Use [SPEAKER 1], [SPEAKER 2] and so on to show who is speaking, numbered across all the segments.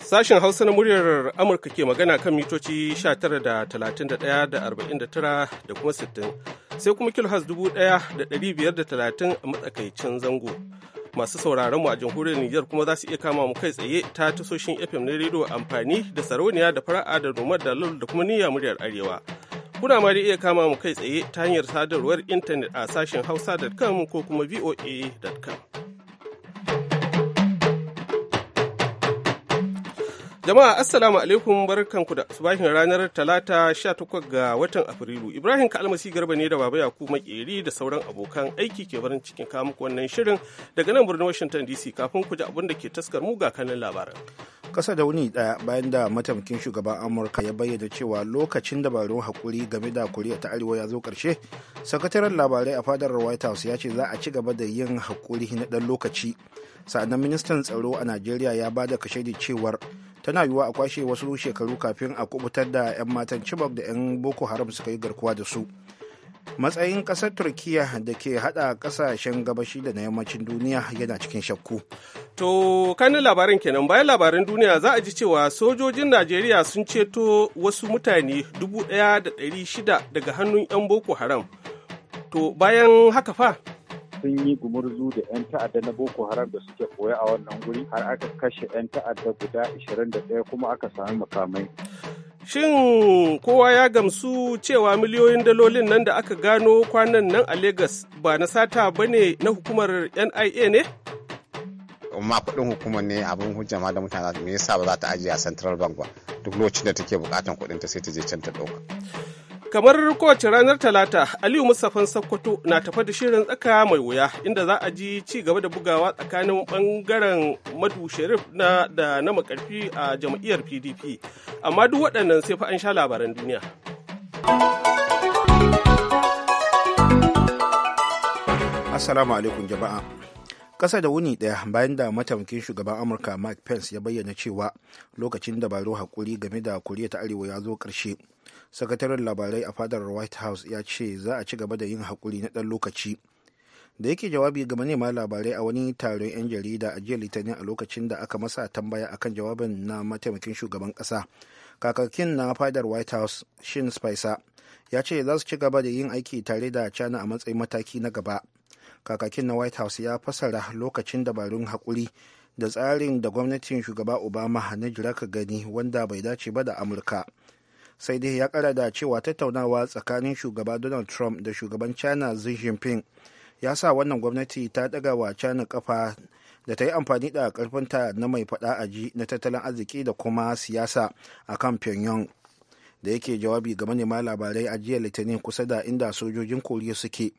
[SPEAKER 1] Sashen Hausa na muryar Amurka ke magana kan mitoci 19 da kuma 60 sai kuma kilohaz 1530 a matsakaicin zango. Masu sauraron mu a jamhuriyar Nijar kuma za su iya kama mu kai tsaye ta tasoshin FM na rediyo amfani da sarauniya da fara'a da noma da lul da kuma niyya muryar Arewa. Kuna ma iya kama mu kai tsaye ta hanyar sadarwar intanet a sashen hausa.com ko kuma voa.com. Jama'a Assalamu alaikum barkanku da subahin ranar Talata sha 18 ga watan Afrilu. Ibrahim Kalmasi Garba ne da Baba Yakubu Makeri da sauran abokan aiki ke barin cikin kawo muku wannan shirin daga nan birnin Washington DC kafin ku ji abin da ke taskar mu ga kanin labaran.
[SPEAKER 2] Kasa da wuni daya bayan da mataimakin shugaban Amurka ya bayyana cewa lokacin dabarun hakuri game da Koriya ta Arewa ya zo karshe sakataren labarai a fadar White House ya ce za a ci gaba da yin hakuri na ɗan lokaci. Sa'annan ministan tsaro a Najeriya ya ba da cewar tana yiwuwa a kwashe wasu shekaru kafin a kubutar da 'yan matan chibok da 'yan boko haram suka yi garkuwa da su matsayin kasar turkiya da ke hada kasashen gabashi da na yammacin duniya yana cikin shakku
[SPEAKER 1] to kanin labarin kenan bayan labarin duniya za a ji cewa sojojin najeriya sun ceto wasu mutane 1,600 daga hannun 'yan boko
[SPEAKER 3] haram to bayan haka fa sun yi gumurzu da 'yan ta'adda na boko haram da suke koya a wannan guri har aka kashe 'yan ta'adda guda 21 kuma aka sami makamai
[SPEAKER 1] Shin kowa ya gamsu cewa miliyoyin dalolin nan da aka gano kwanan nan a Legas ba na sata ba ne na hukumar NIA ne?
[SPEAKER 4] amma kudin hukumar ne abin hujja ma da mutane me yasa ba za ta ajiye a Central Bank ba duk lokacin da take bukatan kudin ta sai ta je can ta dauka.
[SPEAKER 1] Kamar kowace ranar Talata, Aliyu musafan Sokoto na tafa da shirin tsaka mai wuya inda za a ji ci gaba da bugawa tsakanin bangaren Madu Sharif na da na makarfi a jam'iyyar PDP. Amma duk waɗannan sai fa an sha labaran duniya.
[SPEAKER 2] Assalamu alaikum jama'a. Ƙasa da wuni ɗaya bayan da mataimakin shugaban Amurka Mike Pence ya bayyana cewa lokacin dabaru haƙuri game da Koriya ta Arewa ya zo ƙarshe. sakataren labarai a fadar white house ya ce za a ci gaba da yin haƙuri na ɗan lokaci da yake jawabi ga manema labarai a wani taron 'yan jarida a jiya litinin a lokacin da aka masa tambaya akan jawabin na mataimakin shugaban ƙasa kakakin na fadar white house shin spicer ya ce za su ci gaba da yin aiki tare da china a matsayin mataki na gaba kakakin na white house ya fasara lokacin dabarun haƙuri da tsarin da gwamnatin shugaba obama na jira gani wanda bai dace ba da amurka sai dai ya kara da cewa tattaunawa tsakanin shugaba donald trump da shugaban china xi jinping ya sa wannan gwamnati ta daga wa china kafa da ta yi amfani da karfinta na mai fada aji na tattalin arziki da kuma siyasa a kan pyongyang da yake jawabi ga manema labarai a jiya litinin kusa da inda sojojin koriya suke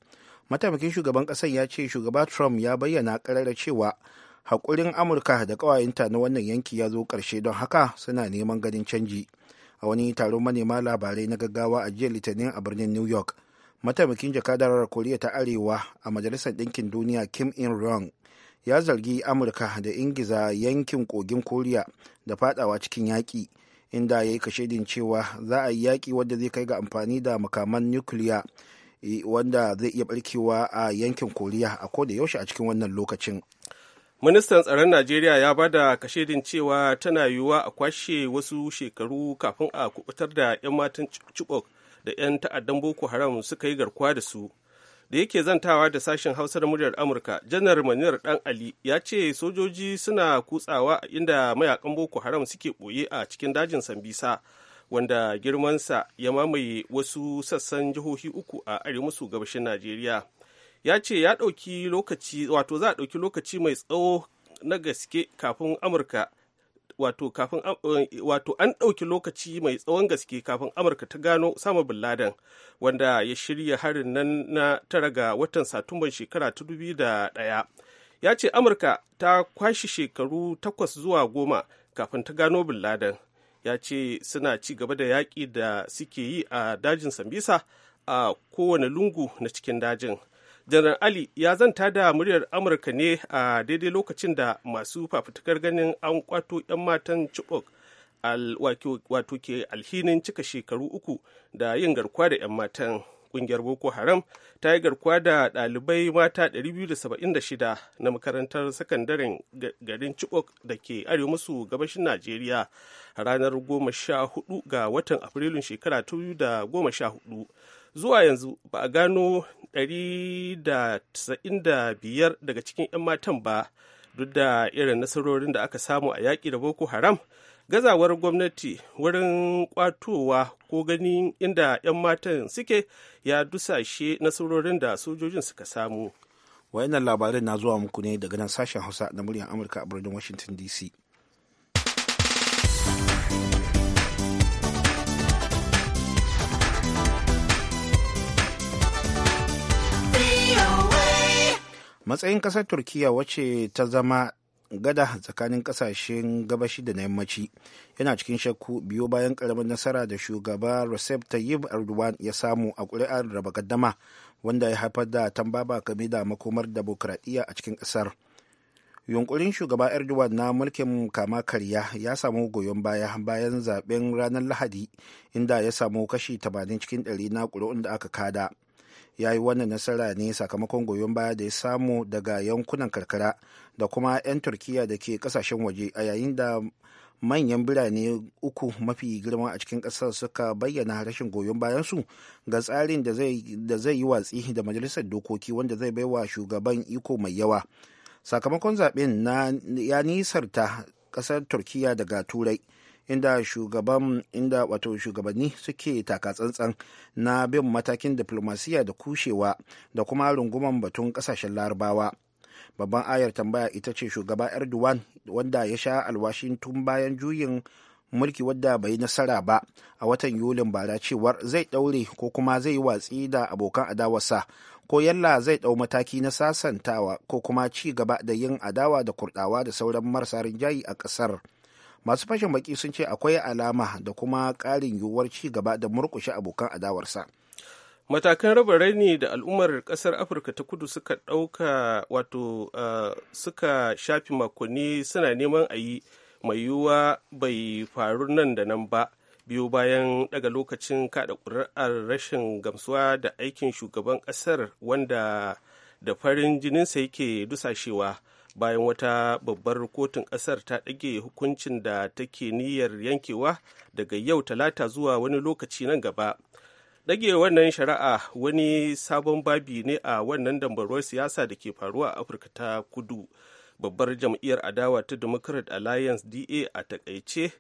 [SPEAKER 2] mataimakin shugaban kasar ya ce shugaba trump ya bayyana karara cewa haƙurin amurka da ƙawayenta na wannan yanki ya zo ƙarshe don haka suna neman ganin canji a wani taron manema labarai na gaggawa a jiya litinin a birnin new york mataimakin jakadarar koriya ta arewa a majalisar ɗinkin duniya kim in ryong ya zargi amurka da ingiza yankin kogin koriya da fadawa cikin yaƙi inda ya yi kashedin cewa za a yi yaƙi wanda zai kai ga amfani da makaman nukiliya eh, wanda zai iya barkewa a yankin koriya a koda yaushe a cikin wannan lokacin
[SPEAKER 1] ministan tsaron najeriya ya bada kashedin cewa tana yiwuwa a kwashe wasu shekaru kafin a kubutar da 'yan matan chibok da 'yan ta'addan boko haram suka yi garkuwa da su da yake zantawa da sashen hausa da muryar amurka janar maniyar dan ali ya ce sojoji suna kutsawa inda mayakan boko haram suke ɓoye a cikin dajin sambisa wanda girmansa ya mamaye wasu sassan jihohi uku a arewa maso gabashin najeriya ya ce ya ɗauki lokaci wato za a ɗauki lokaci mai tsawo na gaske kafin amurka wato kafin eh, wato an ɗauki lokaci mai tsawon gaske kafin amurka ta gano sama bin laden wanda ya shirya harin nan na tara ga watan satumban shekara ta dubi da ɗaya ya ce amurka ta kwashe shekaru takwas zuwa goma kafin ta gano bin laden ya ce suna ci gaba da yaƙi da suke yi a dajin sambisa a kowane lungu na cikin dajin janar ali ya zanta da muryar amurka ne a daidai lokacin da masu fafutukar ganin an kwato 'yan matan chibok wato ke alhinin cika shekaru uku da yin garkuwa da 'yan matan kungiyar boko haram ta yi garkuwa da dalibai mata 276 na makarantar sakandaren garin chibok da ke arewa masu gabashin najeriya ranar 14 ga watan afrilun shekara 2014 zuwa yanzu ba a gano 195 daga cikin 'yan matan ba duk da irin nasarorin da aka samu a yaƙi da boko haram gazawar gwamnati wurin kwatowa ko ganin inda 'yan matan suke ya dusashe
[SPEAKER 2] nasarorin da sojojin suka samu wayannan labarin na zuwa muku ne daga nan sashen hausa na muryar amurka a birnin washington dc matsayin kasar turkiya wacce ta zama gada tsakanin kasashen gabashi da na yammaci yana cikin shakku biyu bayan karamin nasara da shugaba recep tayyip erdogan ya samu a ƙuri'ar raba gaddama wanda ya haifar da tambaba game da makomar demokuraɗiyya a cikin ƙasar yunkurin shugaba erdogan na mulkin kama karya ya samu goyon baya bayan zaben ranar lahadi inda ya samu kashi 80 cikin 100 na ƙuri'un da aka kada ya yi wannan nasara ne sakamakon goyon baya da ya samu daga yankunan karkara da kuma 'yan turkiya da ke kasashen waje a yayin da manyan birane uku mafi girma a cikin ƙasar suka bayyana rashin goyon bayansu ga tsarin da zai yi watsi da majalisar dokoki wanda zai baiwa shugaban iko mai yawa sakamakon zaɓen ya nisarta ƙasar turkiya daga turai inda shugaban inda wato shugabanni suke taka tsantsan na bin matakin diplomasiya da kushewa da kuma runguman batun kasashen larabawa babban ayar tambaya ita ce shugaba erdogan wanda ya sha alwashin tun bayan juyin mulki wadda bai yi nasara ba a watan yulin bara cewar zai daure ko kuma zai watsi da abokan adawarsa ko yalla zai dau mataki na sasantawa ko kuma ci gaba da yin adawa da kurdawa da sauran marasa rinjayi a ƙasar. masu fashin baki sun ce akwai alama da kuma ƙarin yiwuwar ci gaba da murƙushe abokan adawarsa
[SPEAKER 1] matakan raba raini da al'ummar ƙasar afirka ta kudu suka ɗauka wato eh, suka shafi makonni suna neman a yi mai yiwuwa bai faru nan da nan ba biyu bayan daga lokacin kada ƙuri'ar rashin gamsuwa da aikin shugaban ƙasar wanda da farin jininsa yake dusashewa bayan wata babbar kotun ƙasar ta ɗage hukuncin da take niyyar yankewa daga yau talata zuwa wani lokaci nan gaba ɗage wannan shari'a wani sabon babi ne a wannan dambarwar siyasa da ke faruwa a afirka ta kudu babbar jam'iyyar adawa ta democrat alliance da a takaice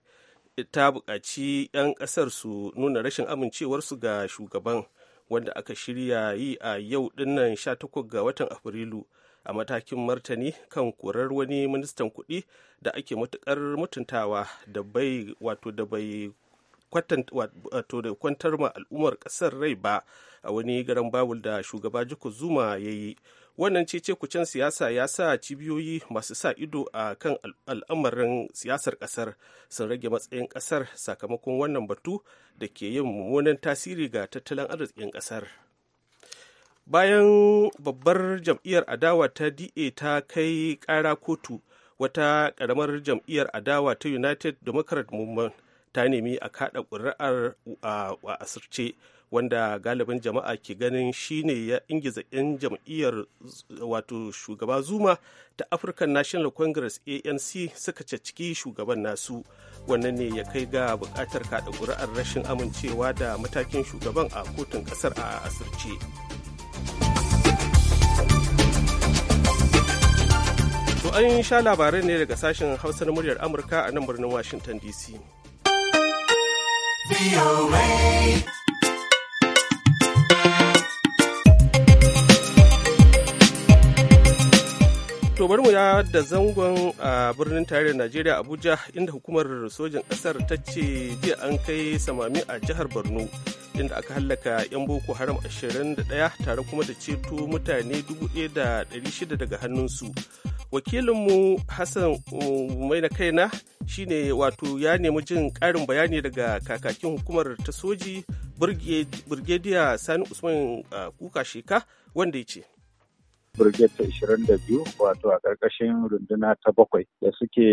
[SPEAKER 1] ta buƙaci 'yan ƙasar su nuna rashin amincewarsu ga shugaban wanda aka shirya yi a yau dinnan 18 ga watan afrilu a matakin martani kan korar wani ministan kuɗi da ake matukar mutuntawa da bai wato da bai kwantar ma al'ummar ƙasar rai ba a wani garan babul da shugaba jiko zuma ya yi wannan cece kucen siyasa ya sa cibiyoyi masu sa ido a kan al'amarin siyasar ƙasar sun rage matsayin ƙasar sakamakon wannan batu da ke yin mummunan tasiri ga tattalin arzikin ƙasar bayan babbar jam'iyyar adawa ta da ta kai kara kotu wata karamar jam'iyyar adawa ta united democrat movement ta nemi a kada kuri'ar a asirce wanda galibin jama'a ke ganin shine ya ingiza 'yan jam'iyyar wato shugaba zuma ta african national congress anc suka caciki shugaban nasu wannan ne ya kai ga bukatar kada kuri'ar rashin amincewa da matakin shugaban a kotun kasar a asirce an sha labarai ne daga sashen Hausa na muryar Amurka a nan birnin Washington DC. tobarmu mu ya da zangon a birnin tarayyar Najeriya Abuja inda hukumar sojin ƙasar ta ce jiya an kai samami a jihar Borno inda aka hallaka 'yan Boko Haram 21 tare kuma da ceto mutane 1,600 daga hannunsu. wakilinmu hassan um, mai na kaina shine wato ya nemi jin karin bayani daga kakakin hukumar ta soji birgediya sani usman uh, kuka sheka wanda ya ce
[SPEAKER 3] birgit ta 22 wato a ƙarƙashin runduna ta bakwai da suke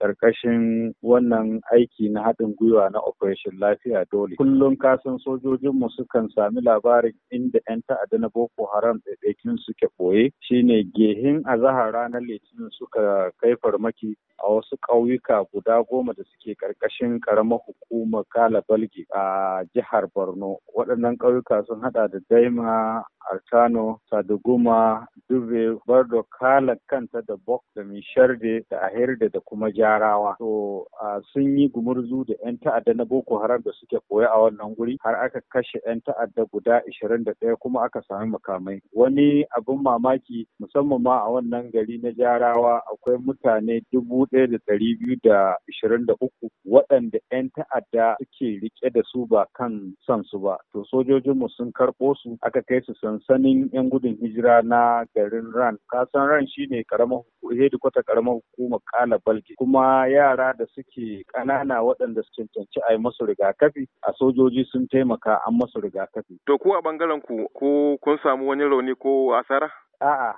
[SPEAKER 3] ƙarƙashin wannan aiki na haɗin gwiwa na Operation Lafiya Dole. Kullum kasan sojojinmu sukan sami labarin inda 'yan ta'adda na Boko Haram ɗaiɗaikin suke ɓoye shine gehin azahar ranar Litinin suka kai farmaki a wasu ƙauyuka guda goma da suke ƙarƙashin ƙaramar hukumar Kala Balgi a jihar Borno. Waɗannan ƙauyuka sun haɗa da Daima, Artano, Saduguma, Dube, Bardo, Kala kanta da Bok da Misharde da Ahirde da kuma Jarawa. To sun yi gumurzu da 'yan ta'adda na Boko Haram da suke koya a wannan guri har aka kashe 'yan ta'adda guda 21 kuma aka sami makamai. Wani abin mamaki musamman ma a wannan gari na Jarawa akwai mutane dubu 1223 da ɗari waɗanda 'yan ta'adda suke rike da su ba kan son su ba. To sojojinmu sun karɓo su aka kai su sansanin 'yan gudun hijira na garin Ran. Kasan Ran shine karamar kwata karamar hukumar Kala Balki kuma yara da suke ƙanana waɗanda su cancanci a yi musu rigakafi a sojoji sun taimaka an musu rigakafi.
[SPEAKER 5] To ku a bangaren ku
[SPEAKER 3] ko kun samu wani rauni ko asara? A'a,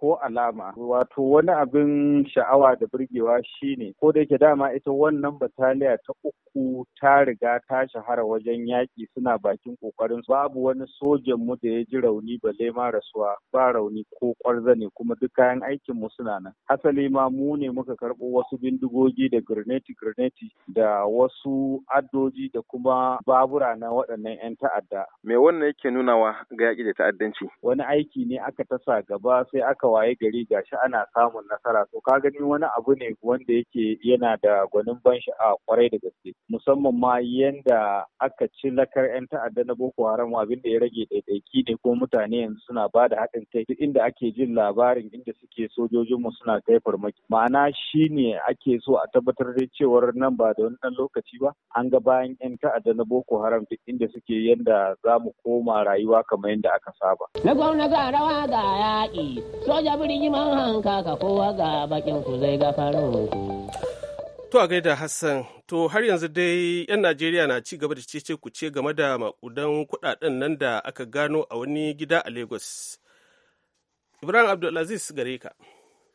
[SPEAKER 3] ko alama wato wani abin sha'awa da burgewa shine ko da yake dama ita wannan bataliya ta uku uku ta riga ta shahara wajen yaƙi suna bakin ƙoƙarin babu wani sojan mu da ya ji rauni ba zai ma rasuwa ba rauni ko ƙwarza ne kuma duk kayan aikin mu suna nan Asali ma mu ne muka karɓo wasu bindigogi da grenade grenade da wasu addoji da kuma babura na waɗannan 'yan ta'adda
[SPEAKER 4] me wannan yake nunawa ga yaƙi da ta'addanci
[SPEAKER 3] wani aiki ne aka tasa gaba sai aka waye gari gashi ana samun nasara to ka gani wani abu ne wanda yake yana da gwanin ban sha'awa kwarai da gaske musamman ma yadda aka ci lakar 'yan ta'adda na boko haram abin da ya rage ɗaiɗaiki ne ko mutane yanzu suna ba da haɗin kai duk inda ake jin labarin inda suke sojojinmu suna kai farmaki ma'ana shi ne ake so a tabbatar da cewar nan ba da wannan lokaci ba an ga bayan 'yan ta'adda na boko haram duk inda suke yadda za mu koma rayuwa kamar yadda aka saba.
[SPEAKER 2] na gwamna ga rawa ga yaƙi soja birgiman hanka ka kowa ga bakin ku zai ga farin
[SPEAKER 1] To a gaida Hassan, to har yanzu dai 'yan Najeriya na ci gaba da cece kuce game da makudan kudaden nan da aka gano a wani gida a Lagos. Ibrahim Abdulaziz gare ka.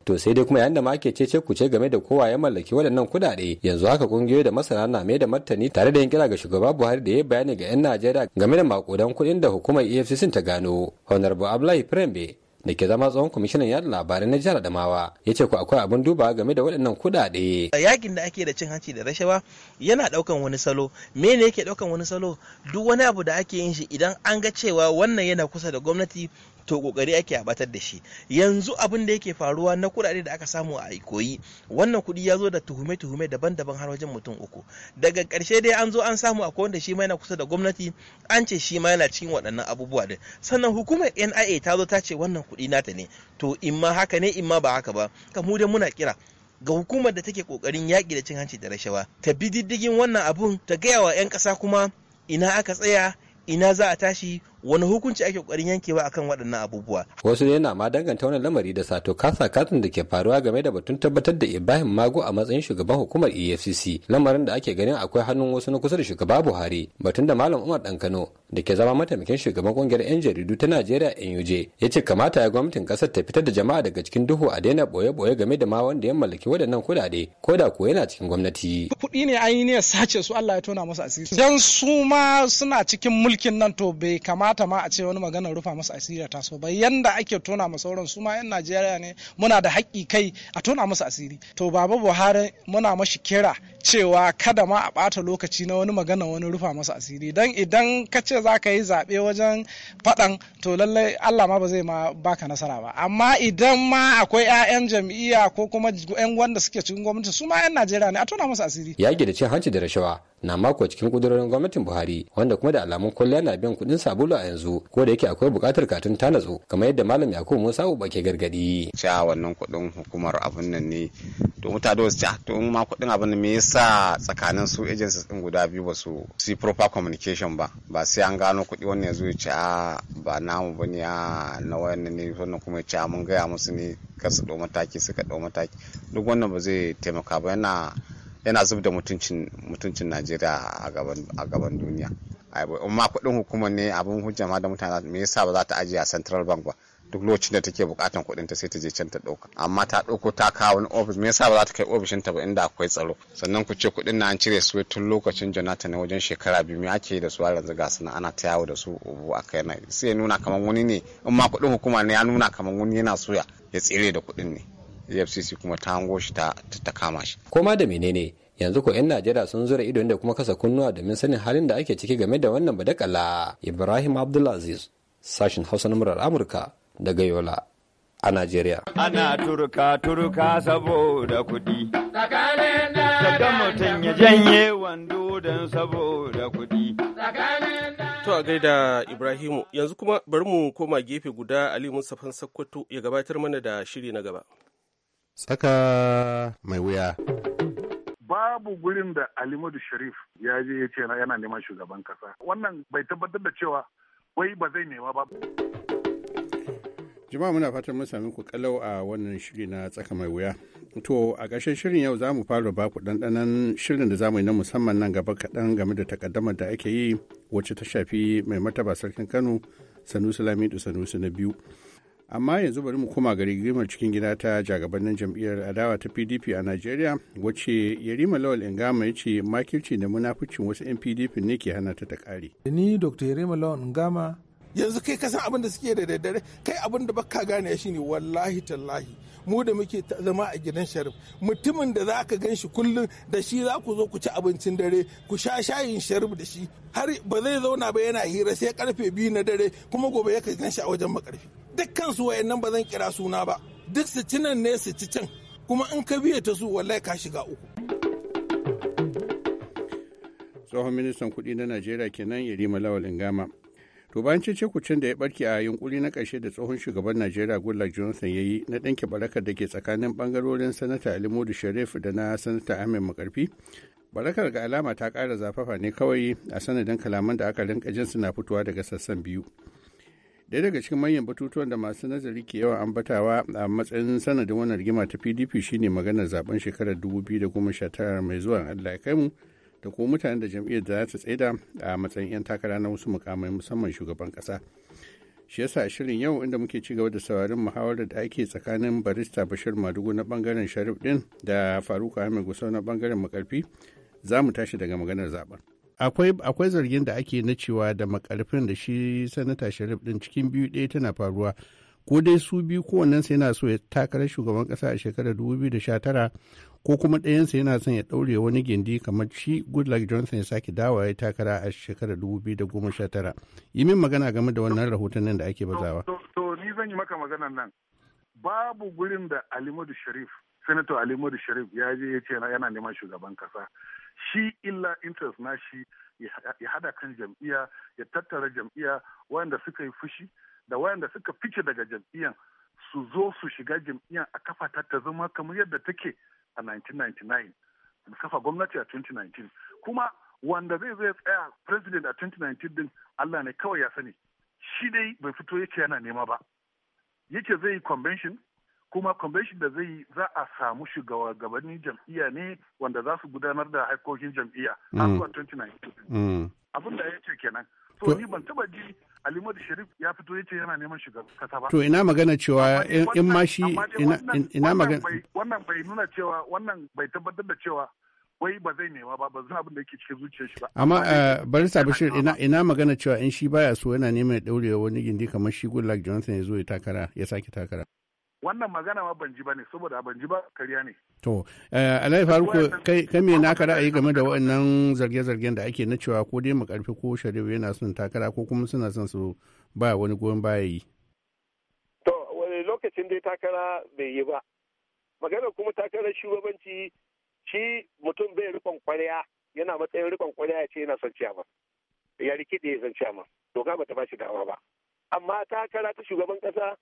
[SPEAKER 5] to sai dai kuma yayin da ma ake cece kuce game da kowa ya mallaki waɗannan kuɗaɗe yanzu haka kungiyoyi da masana na mai da martani tare da yin kira ga shugaba Buhari da ya bayani ga 'yan Najeriya game da makudan kuɗin da hukumar EFCC ta gano. Honorable Abdullahi prembe da ke zama tsohon kwamishinan yada labarai na jihar Adamawa ya ce ku akwai abin duba game da waɗannan kuɗaɗe. Yakin da ake da cin hanci da rashawa yana ɗaukan wani salo. mene yake ɗaukan wani salo? Duk wani abu da ake yin shi idan an ga cewa wannan yana kusa
[SPEAKER 1] da gwamnati to kokari ake a batar da shi yanzu abin da yake faruwa na kuɗaɗe da aka samu a ikoyi wannan kuɗi ya zo da tuhume-tuhume daban-daban har wajen mutum uku daga ƙarshe dai an zo an samu a wanda shi ma yana kusa da gwamnati an ce shi ma yana cikin waɗannan abubuwa din sannan hukumar NIA ta zo ta ce wannan kuɗi nata ne to in ma haka ne in ma ba haka ba mu dai muna kira ga hukumar da take kokarin yaƙi da cin hanci da rashawa ta bi diddigin wannan abun ta gaya wa 'yan ƙasa kuma ina aka tsaya ina za a tashi wani hukunci ake kokarin yankewa akan waɗannan abubuwa
[SPEAKER 5] wasu ne na ma danganta wannan lamari da sato kasa katin da ke faruwa game da batun tabbatar da Ibrahim Mago a matsayin shugaban hukumar EFCC lamarin da ake ganin akwai hannun wasu na kusa da shugaba Buhari batun da Malam Umar Dankano da ke zama mataimakin shugaban kungiyar 'yan jaridu ta Najeriya NUJ ya ce kamata ya gwamnatin kasar ta fitar da jama'a daga cikin duhu a daina boye-boye game da ma wanda ya mallaki waɗannan kuɗaɗe ko da ko yana cikin gwamnati.
[SPEAKER 4] Kuɗi ne an yi ne sace su Allah ya tona masa asiri. Dan su ma suna cikin mulkin nan to bai kamata kamata ma a ce wani magana rufa masa asiri ta so ba yanda ake tona masa sauran su ma yan Najeriya ne muna da haƙƙi kai a tona masa asiri to baba Buhari muna mashi kira cewa kada ma a bata lokaci na wani magana wani rufa masa asiri dan idan ka ce za ka yi zaɓe wajen faɗan to lallai Allah ma ba zai ma baka nasara ba amma idan ma akwai 'ya'yan jam'iyya ko kuma 'yan wanda suke cikin gwamnati su ma 'yan Najeriya ne a tona masa asiri
[SPEAKER 5] yaƙi da cin hanci da rashawa na mako cikin kudurorin gwamnatin Buhari wanda kuma da alamun kwalliya na biyan kuɗin sabulu a a yanzu ko da yake akwai
[SPEAKER 4] buƙatar katun ta natsu kamar yadda malam yakubu musa uba ke gargadi cewa wannan kuɗin hukumar abun nan ne to mutane su to ma kuɗin abun nan me yasa tsakanin su agencies din guda biyu ba su si proper communication ba ba sai an gano kuɗi wannan yanzu ya ce a ba namu ba ne a na wannan ne wannan kuma ya ce mun gaya musu ne kar su ɗau mataki suka ɗau mataki duk wannan ba zai taimaka ba yana yana zub da mutuncin mutuncin Najeriya a gaban duniya amma kuɗin hukumar ne abin hujja ma da mutane me yasa ba za ta ajiye a central bank ba duk lokacin da take bukatan kudin ta sai ta je can ta ɗauka amma ta dauko ta kawo wani ofis me yasa ba za ta kai ofishin ta ba inda akwai tsaro sannan ku ce kuɗin na an cire su tun lokacin Jonathan ne wajen shekara biyu me ake da su a yanzu ga suna ana ta yawo da su ubu a kai na sai ya nuna kamar wani ne in ma kuɗin hukuma ne ya nuna kamar wani yana soya ya tsire da kuɗin ne EFCC kuma ta hango shi ta kama shi. Koma da menene yanzu ko 'yan najeriya sun zura ido da kuma kasa
[SPEAKER 5] kunnuwa domin sanin halin da ake ciki game da wannan badakala ibrahim abdulaziz sashin hausa na murar amurka daga yola a najeriya
[SPEAKER 3] ana turka turka saboda kuɗi daga mutum ya janye wando don
[SPEAKER 1] saboda kuɗi To a gaida Ibrahimu yanzu kuma bari mu koma gefe guda Ali musafan Sakkwato ya gabatar mana da shiri na gaba.
[SPEAKER 6] Tsaka mai wuya.
[SPEAKER 7] babu gurin da alimadu sharif ya je ya ce yana neman shugaban kasa wannan bai tabbatar da cewa wai ba zai nema ba
[SPEAKER 6] jama'a muna fatan mun sami ku kalau a wannan shiri na tsaka mai wuya to a ƙarshen shirin yau za mu fara ba ku ɗanɗanan shirin da za mu yi na musamman nan gaba kaɗan game da takaddamar da ake yi wacce ta shafi mai mataba sarkin kano sanusi lamidu sanusi na biyu amma yanzu bari mu koma gari girmar cikin gida ta jagabannin jam'iyyar adawa ta pdp a nigeria wacce yarima lawal ingama ya ce makirci da munafucin wasu 'yan pdp ne ke hana ta ta kare
[SPEAKER 1] ni dr yarima lawal ingama
[SPEAKER 6] yanzu kai kasan abin da suke da daddare kai abin da baka gane shi ne wallahi tallahi mu da muke zama a
[SPEAKER 1] gidan sharif mutumin da za ka gan shi kullum da shi za ku zo ku ci abincin dare ku sha shayin sharif da shi har ba zai zauna ba yana hira sai karfe biyu na dare kuma gobe ya ka gan shi a wajen makarfi dukkansu wayannan ba zan kira suna ba duk su ci ne su ci can kuma in ka biya ta su wallahi ka shiga uku
[SPEAKER 6] tsohon ministan kuɗi na najeriya kenan yarima lawal ingama to bayan cece kucin da ya barke a yunkuri na karshe da tsohon shugaban najeriya goodluck johnson ya yi na ɗanke barakar da ke tsakanin ɓangarorin sanata alimodu sharif da na sanata ahmed makarfi barakar ga alama ta ƙara zafafa ne kawai a sanadin kalaman da aka rinka jin na fitowa daga sassan biyu daya daga cikin manyan batutuwan da masu nazari ke yawan ambatawa a matsayin sanadin wannan rigima ta pdp shine maganar zaben shekarar da 2019 mai zuwa allah ya mu da kuma mutanen da jam'iyyar da za ta tsaida a matsayin 'yan takara na wasu mukamai musamman shugaban kasa shi yasa shirin yau inda muke ci gaba da saurarin muhawarar da ake tsakanin barista bashir madugu na bangaren sharif din da faruk ahmed gusau na bangaren makarfi za mu tashi daga maganar zaben akwai zargin da ake na cewa da makarfin da shi sanata sharif din cikin biyu ɗaya tana faruwa ko dai su biyu sa yana so ya takarar shugaban kasa a shekarar 2019 ko kuma ɗayansa yana son ya ɗaure wani gindi kamar shi goodluck johnson ya sake dawa ya takara a shekarar 2019 yi min magana game da wannan rahoton nan da ake bazawa
[SPEAKER 7] to ni zan yi maka maganan nan babu gurin da alimadu sharif senator alimadu sharif ya je ya ce yana neman shugaban kasa shi illa interest na shi ya hada kan jam'iyya ya tattara jam'iyya wayanda suka yi fushi da wayanda suka fice daga jam'iyyan su zo su shiga jam'iyyan a kafa ta zama kamar yadda take a 1999 kafa gwamnati a 2019 kuma wanda zai zai tsaya president a 2019 din Allah ne kawai ya sani shi dai bai fito yake yana nema ba yake zai yi convention kuma convention da zai za a samu shugabannin jam'iyya ne wanda za su gudanar da haikokin jam'iyya a mm. zuwa 2019
[SPEAKER 6] mm. abin
[SPEAKER 7] da ya ce kenan to ni ban taba ji Alimadu Sharif ya fito ya ce yana neman shiga kasa ba. To ina magana
[SPEAKER 6] cewa in ma shi ina magana.
[SPEAKER 7] Wannan bai nuna cewa wannan bai tabbatar da cewa wai ba zai nema ba ba zan abin da yake cikin zuciyar shi ba.
[SPEAKER 6] Amma eh, bari Bashir ina ina magana cewa in shi baya so yana neman ya daure wani gindi kamar shi Goodluck Johnson ya zo ya takara ya sake takara.
[SPEAKER 7] wannan magana ma ban ji ba ne saboda ban ji ba kariya ne.
[SPEAKER 6] To, eh, Alhaji Faruku, kai me naka ra'ayi game da waɗannan zarge-zargen da ake na cewa ko dai makarfi ko Sharif yana son takara ko kuma suna son su ba wani goyon baya yi?
[SPEAKER 8] To, wani lokacin dai takara bai yi ba. Magana kuma takarar shugabanci shi mutum bai rikon kwarya yana matsayin rikon kwarya ya ce yana son ciyama. Ya rikide ya son ciyama. Doka bata ba shi dawa ba. Amma takara ta shugaban kasa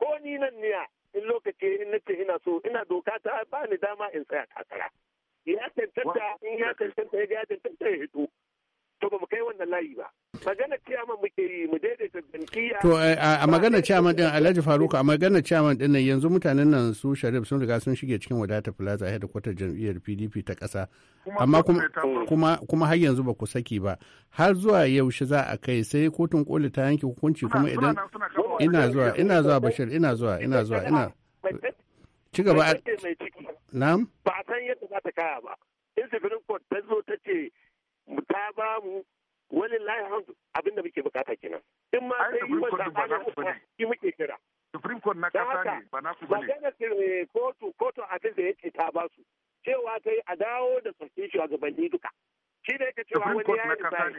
[SPEAKER 8] ko ni nan niya in lokaci in nace ina so ina doka ta ba ni dama in tsaya takara ya tantanta in ya tantanta ya tantanta ya hito to ba mu kai wannan layi ba magana ciyaman muke yi mu daidaita zankiya to
[SPEAKER 6] eh, a magana ciyaman din Alhaji Faruku a magana ciyaman din nan yanzu mutanen nan su Sharif sun riga sun shige cikin wadata plaza a kwatar jam'iyyar PDP ta ƙasa amma kuma kuma har yanzu ba ku saki ba har zuwa yaushe za a kai sai kotun koli ta yanke hukunci kuma idan ina zuwa ina zuwa bashir ina zuwa ina zuwa ina ci gaba nam
[SPEAKER 8] ba a san yadda za ta kaya ba in supreme court ta zo ta ce ta ba mu wani layihan abin da muke bukata kenan in ma sai yi wanda ba na shi muke kira supreme court na kasa ne ba na ku bane magana kotu kotu abin da yake ta ba su cewa ta yi a dawo da sarkin shugabanni duka shi da yake cewa wani ya ba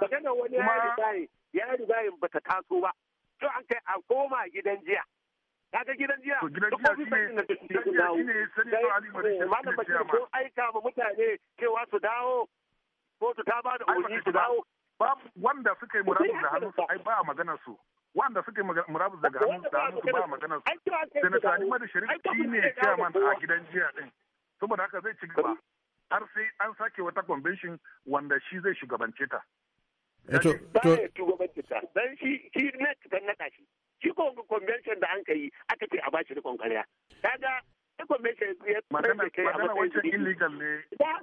[SPEAKER 8] magana wani ya rigaye ya rigaye ba ta taso ba to an kai a koma gidan jiya kaga gidan jiya duk ofisoshin da suke dawo eh, malam bashir sun aika ma mutane cewa su dawo ko su ta ba
[SPEAKER 7] da oji su dawo wanda suka yi murabus da hannu su ai ba magana su wanda suka yi murabus daga hannu da hannu ba magana su
[SPEAKER 8] sai na sani
[SPEAKER 7] mada shari'a shi ne chairman a gidan jiya din saboda haka zai ci gaba har sai an sake wata convention wanda shi zai shugabance ta
[SPEAKER 6] to to
[SPEAKER 7] shugabanci sa dan shi shi ne dan nada shi
[SPEAKER 8] shi ko convention da an kai aka ce a bashi rikon kariya kaga convention ya da kai a matsayin
[SPEAKER 7] illegal ne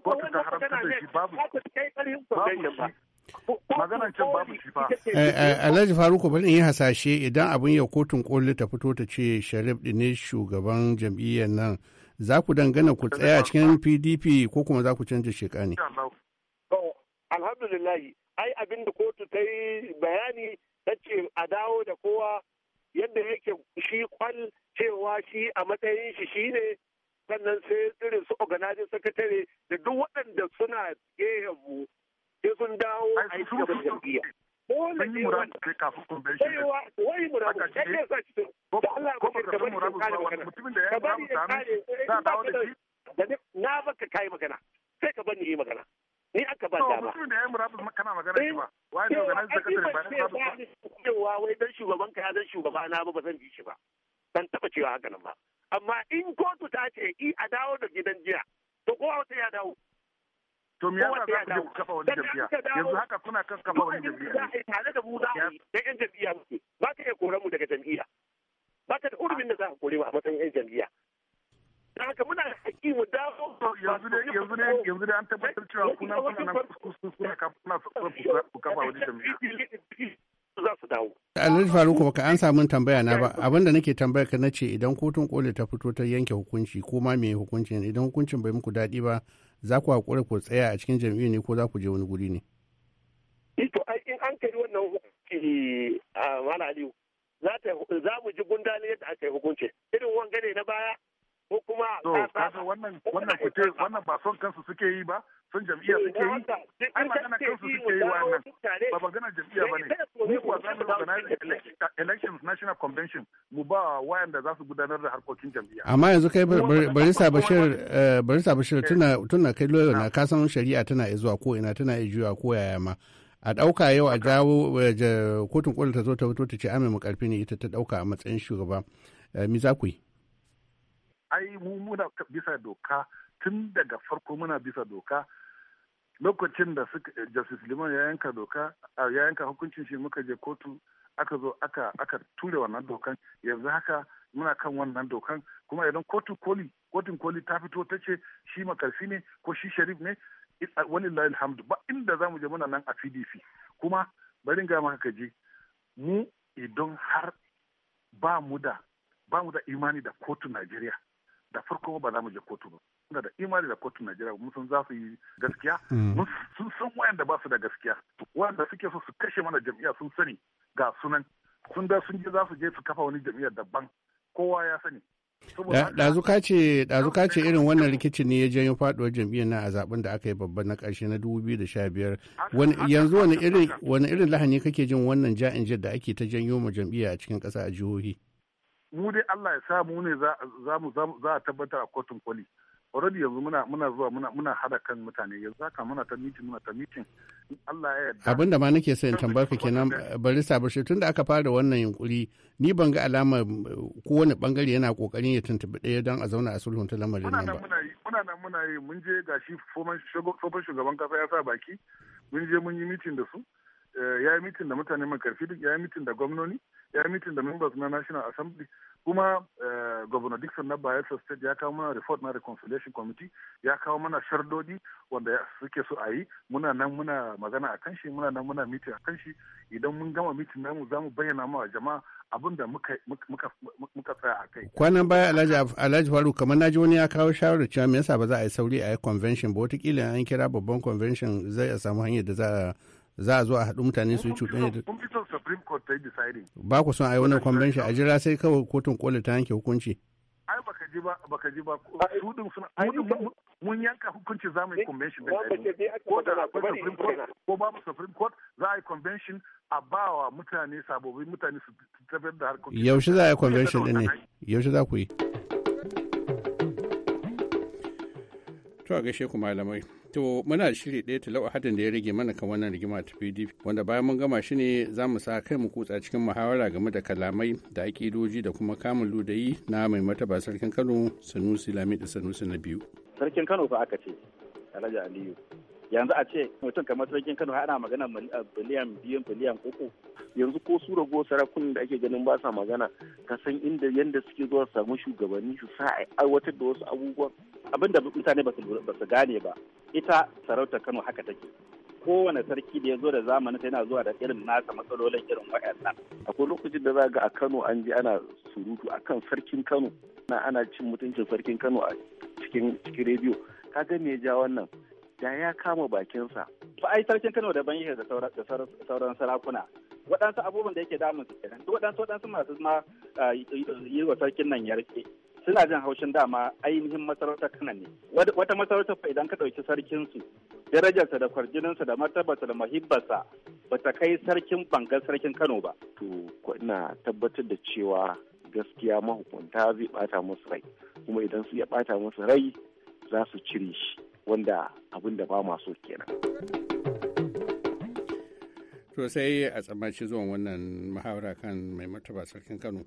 [SPEAKER 7] ko ta haramta da shi
[SPEAKER 8] babu kai karin convention ba maganan can babu shi fa. Eh,
[SPEAKER 6] eh, Alhaji Faruku bari in yi hasashe idan abin ya kotun koli ta fito ta ce Sharif ne shugaban jam'iyyar nan za ku dangana ku tsaya cikin PDP ko kuma za ku canza sheka ne.
[SPEAKER 8] Alhamdulillahi ai abin da kotu ta yi bayani ta ce a dawo da kowa yadda yake shi kwal cewa shi a matsayin shi shine sannan sai irin su organizing secretary da duk waɗanda suna gehen sai sun dawo a yi gaban jam'iyya. ne na baka kai magana sai ka bari yi magana. ni aka ba dama. Mutum
[SPEAKER 7] da ya murabus kana magana eh, shi ba. Wani eh, organizer nan kasar ba ne su.
[SPEAKER 8] ba. Cewa wai dan shugaban ka ya dan shugaba na ba zan bi shi ba. Ban taba cewa haka nan ba. Amma in kotu ta ce i a dawo da gidan jiya to kowa wata ya dawo. To me yasa za ku je ku kafa wani jam'iyya? Yanzu haka kuna kan kafa wani jam'iyya. Tare da mu za a yi dan yan jam'iyya muke. Ba ka iya koran mu daga jam'iyya. Ba ka da urumin da za ka kore ba a matsayin yan jam'iyya. da haka muna haƙi mu dawo yanzu ne yanzu ne yanzu ne an tabbatar cewa kuna kuna nan kuna kuna ku kafa wani jami'a za su dawo
[SPEAKER 6] Alhaji Faruku baka an samu tambaya na ba Abin da nake tambaya ka ce idan kotun koli ta fito ta yanke hukunci ko ma me hukuncin idan hukuncin bai muku daɗi ba za ku haƙura ku tsaya a cikin jam'iyya ne ko za ku je wani guri ne
[SPEAKER 8] to ai in an kai wannan hukunci a ah, Malam Aliyu za mu ji gundali yadda aka yi hukunci irin wangare na baya ko kuma ta
[SPEAKER 7] wannan wannan fice wannan ba son kansu suke yi ba son jam'iyya eh, suke yi ai magana kansu suke yi wannan ba magana jam'iyya bane ni kuwa za mu organize elections national convention mu ba wayanda za su gudanar da harkokin jam'iyya amma yanzu kai bari
[SPEAKER 6] bashir barista bashir tuna tuna kai loyo na ka san shari'a tana zuwa ko ina tana juya ko yaya ma a ɗauka yau a jawo eh, kotun koli ta zo ta fito ta ce amin mu karfi ne ita ta ɗauka a matsayin shugaba eh, mi za ku yi
[SPEAKER 7] ai mu muna bisa doka tun daga farko muna bisa doka lokacin da suka justice liman ya yanka doka ya yanka hukuncin shi muka je kotu aka zo aka aka ture wannan dokan yanzu haka muna kan wannan dokan kuma idan kotu koli kotun koli ta fito ta ce shi makarfi ne ko shi sharif ne wani alhamdu ba inda za mu je muna nan a pdp kuma bari ga maka kaji mu idan har ba mu da da imani da kotun najeriya da farko ba za mu je kotu ba tunda da imani da kotun Najeriya mun san za su yi gaskiya hmm. Sun san wayanda ba su da gaskiya wanda suke so su kashe mana jam'iyya sun sani ga sunan sun da sun je za su je su kafa wani jam'iyyar daban kowa ya sani
[SPEAKER 6] ɗazu ce irin wannan rikici ne ya janyo faɗuwar jam'iyyar na a zaben da aka yi babban na ƙarshe na 2015 yanzu wani irin lahani kake jin wannan ja'in da ake ta janyo ma jam'iyya a cikin ƙasa a jihohi
[SPEAKER 7] mu dai Allah ya sa mu ne za mu za a tabbatar a kotun koli already yanzu muna muna zuwa muna muna hada kan mutane yanzu haka muna ta mitin muna ta mitin. Allah ya yarda
[SPEAKER 6] abin da ma nake so in tambayar ka kenan barista bashi tunda aka fara wannan yunkuri ni ban ga alamar eh, wani bangare yana kokarin ya tuntubi ɗaya don a zauna a sulhun ta lamarin nan ba
[SPEAKER 7] muna nan muna yi mun je gashi tsohon shugaban kasa ya sa baki mun je mun yi mitin da su eh, ya yi mitin da mutane mai karfi duk ya yi mitin da gwamnoni ya mitin da members na national assembly kuma eh, governor dixon na bayelsa state ya kawo mana report na reconciliation committee ya kawo mana shardodi wanda suke so a yi muna nan muna magana a kan muna nan muna mitin a kan idan mun gama mitin namu za mu bayyana ma jama'a abin da muka tsaya a kai
[SPEAKER 6] kwanan baya alhaji faru kamar naji wani ya kawo shawarar cewa me yasa ba za a yi sauri a yi convention ba wataƙila an kira babban convention zai a samu hanyar da za a za a zo a haɗu mutane su yi cuɗanya da ba ku son a yi wannan convention a jira sai kawai kotun koli ta yanke hukunci
[SPEAKER 7] ai baka ji ba baka ji ba su suna mun yanka hukunci za mu yi eh, convention da ko da akwai supreme court ko ba mu supreme court za a yi convention a ba wa mutane sabobi mutane su tafiyar da
[SPEAKER 6] harkokin yaushe za a yi convention din ne yaushe za ku yi to a gaishe ku malamai To muna shiri ɗaya talau hadin da ya rage mana kan wannan rigima ta PDP wanda bayan mun gama shi ne za mu sa kai mu kutsa cikin muhawara game da kalamai da aƙidoji da kuma kamun ludayi na mai mataba sarkin Kano Sanusi Lamid da Sanusi na biyu.
[SPEAKER 3] Sarkin Kano fa aka ce Alhaji Aliyu yanzu a ce mutum kamar sarkin Kano ana magana biliyan biyan biliyan uku yanzu ko su rago sarakunan da ake ganin ba sa magana ka san inda yanda suke zuwa samun shugabanni su sa aiwatar da wasu abubuwan abin da mutane ba su gane ba ita sarautar kano haka take kowane sarki da ya zo da zamanin yana zuwa da irin nasa matsalolin irin wayannan. akwai lokacin da za ga a kano an je ana surutu akan sarkin kano na ana cin mutuncin sarkin kano a cikin cikin rediyo ka ga me ja wannan da ya kama bakinsa to ai sarkin kano daban yake da sauran sarakuna waɗansu abubuwan da yake damun su kenan waɗansu waɗansu masu ma ah, yi wa sarkin nan yarke suna jin haushin dama ainihin masarautar kana ne wata masarautar fa idan ka ɗauki sarkinsu darajarsa da kwarjininsa da martabarsa da mahibbarsa ba ta kai sarkin bangar sarkin kano ba. to ina tabbatar da cewa gaskiya mahukunta zai bata musu rai kuma idan su ya bata musu rai
[SPEAKER 6] za su cire shi wanda abin da ba masu kenan. to sai a tsammaci zuwan wannan muhawara kan mai martaba sarkin kano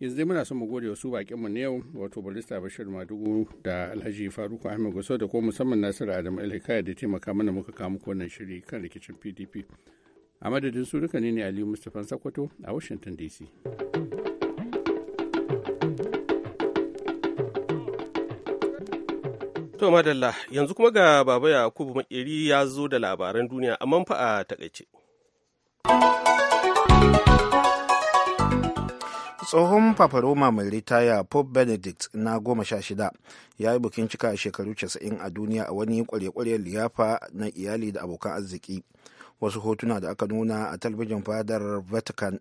[SPEAKER 6] yanzu dai muna son mu gode wasu bakin mu na yau wato barista bashir madugu da alhaji faruku ahmed gusa da kuma musamman nasiru adamu alhikaya da taimaka mana muka kama ko wannan shiri kan rikicin pdp a madadin su duka ne aliyu mustapha sakwato a washington dc
[SPEAKER 1] to madalla yanzu kuma ga baba yakubu makeri ya zo da labaran duniya amma fa a takaice
[SPEAKER 2] tsohon paparoma mai ritaya pope benedict na goma sha shida ya yi bukin cika shekaru 90 a duniya a wani kwale-kwalen liyafa na iyali da abokan arziki wasu hotuna da aka nuna a talbijin fadar vatican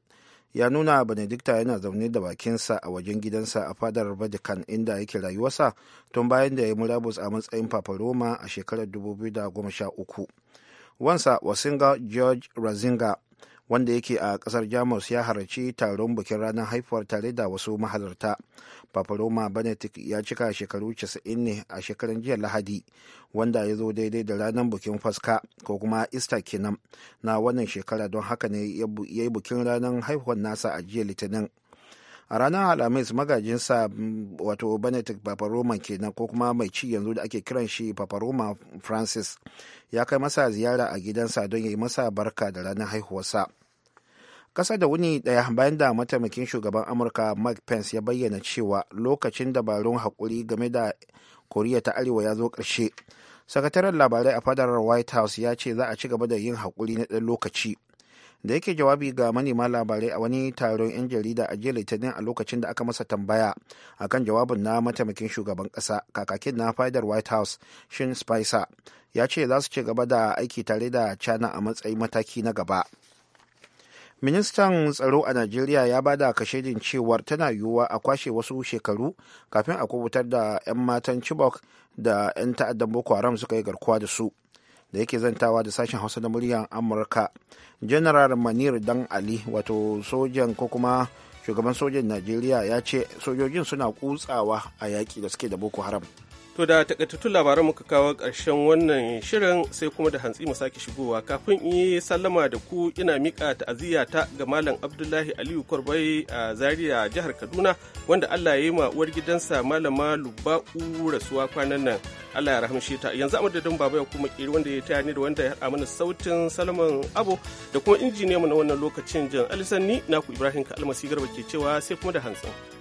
[SPEAKER 2] ya nuna benedicta yana zaune da bakinsa a wajen gidansa a fadar vatican inda yake rayuwarsa tun bayan da ya yi murabus a matsayin paparoma a shekarar 2013 wansa wasinga george razinga wanda yake a kasar jamus ya halarci taron bikin ranar haifuwar tare da wasu mahalarta paparoma benedict ya cika shekaru 90 ne a shekaran jiya lahadi wanda ya zo daidai da ranar bikin faska ko kuma easter kenan na wannan shekara don haka ne ya yi bikin ranar haifuwar nasa a jiya litinin a ranar alhamis magajinsa mm, wato benedict paparoma kenan ko kuma mai ci yanzu da ake kiran shi paparoma francis ya kai masa ziyara a gidansa don ya yi masa barka da ranar haihuwarsa ƙasa da wuni ɗaya bayan da mataimakin shugaban amurka mike pence ya bayyana cewa lokacin dabarun haƙuri game da koriya ta arewa ya zo ƙarshe sakataren labarai a fadar white house ya ce za a ci gaba da yin haƙuri na ɗan lokaci da yake jawabi ga manema labarai a wani taron 'yan jarida a jiya litinin a lokacin da aka masa tambaya akan jawabin na mataimakin shugaban kasa kakakin na fadar white house shin spicer ya ce za su ci gaba da aiki tare da china a matsayin mataki na gaba ministan tsaro a najeriya ya ba da kashedin cewar tana yiwuwa a kwashe wasu shekaru kafin a kubutar da 'yan matan chibok da 'yan ta'addan boko haram suka yi garkuwa da su da yake zantawa da sashen hausa na muryar amurka general manir dan ali wato sojan ko kuma shugaban sojan najeriya ya ce sojojin suna kutsawa a yaƙi da suke da boko haram
[SPEAKER 1] To da takaitattun labaran muka kawo ƙarshen wannan shirin sai kuma da hantsi mu sake shigowa kafin in yi sallama da ku ina miƙa ta'aziyya ta ga Malam Abdullahi Aliyu Kwarbai a Zaria jihar Kaduna wanda Allah ya yi ma uwar gidansa Malama Luba'u rasuwa kwanan nan. Allah ya rahamshe ta. Yanzu amma da baba ya kuma kiri wanda ya taya ni da wanda ya haɗa mana sautin Salman Abo da kuma mu na wannan lokacin Jan Alisan ni naku Ibrahim kalmasi Almasi Garba ke cewa sai kuma da hantsi.